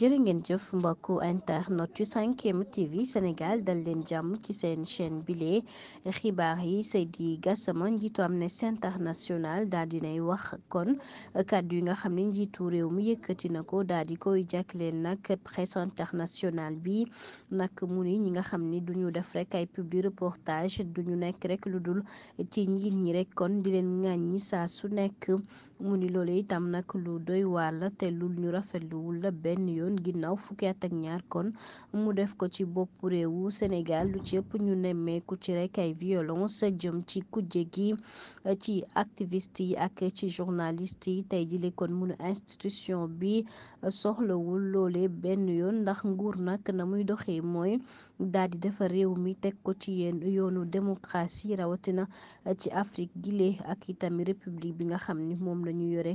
jërë ngeen jëf mbokku internet yu 5M TV Sénégal dal leen jàmm ci seen chaîne bile xibaar yi Seydi Gassama njiitu Amnesty International daal nay wax kon kàddu yi nga xam ne njiitu réew mi yëkkati na ko daal di koy jagleen nag presse internationale bi nag mu ni ñi nga xam ni duñu def rek ay publi reportage duñu nekk rek lu dul ci njiit ñi rek kon di leen ŋàññi saa su nekk mu ni loolu itam nag lu doy waar te lu ñu rafetluwul la benn yoon yoon ginnaaw fukki at ak ñaar kon mu def ko ci bopp réewu Sénégal lu ci ëpp ñu nemmeeku ci rek ay violence jëm ci kujje gi ci activiste yi ak ci journaliste yi tey jile kon munu institution bi soxlawul loole benn yoon ndax nguur nag na muy doxee mooy daal di defar réew mi teg ko ci yéen yoonu démocratie rawatina ci Afrique gile ak itam république bi nga xam ni moom la ñu yore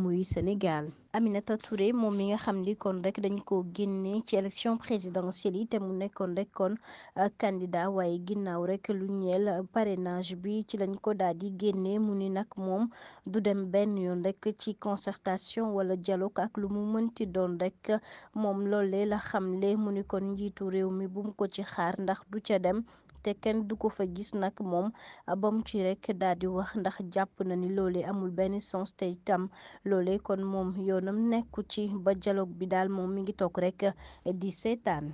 muy Sénégal. Aminata Touré moom mi nga xam ni kon rek dañ ko génnee ci élection présidentielle yi te mu nekkoon rek kon euh, candidat waaye ginnaaw rek lu ñeel parenage bi ci lañ ko daal di génnee mu ni nag moom du dem benn yoon rek ci concertation wala dialogue ak lu mu mënti doon rek moom loolee la xam xamle mu ni kon njiitu réew mi bu ko ci xaar ndax du ca dem te kenn du ko fa gis nag moom ba mu ci rek daal di wax ndax jàpp na ni loolee amul benn sens te itam loole kon moom yoonam nekku ci ba dialogue bi daal moom mi ngi toog rek di seetaan.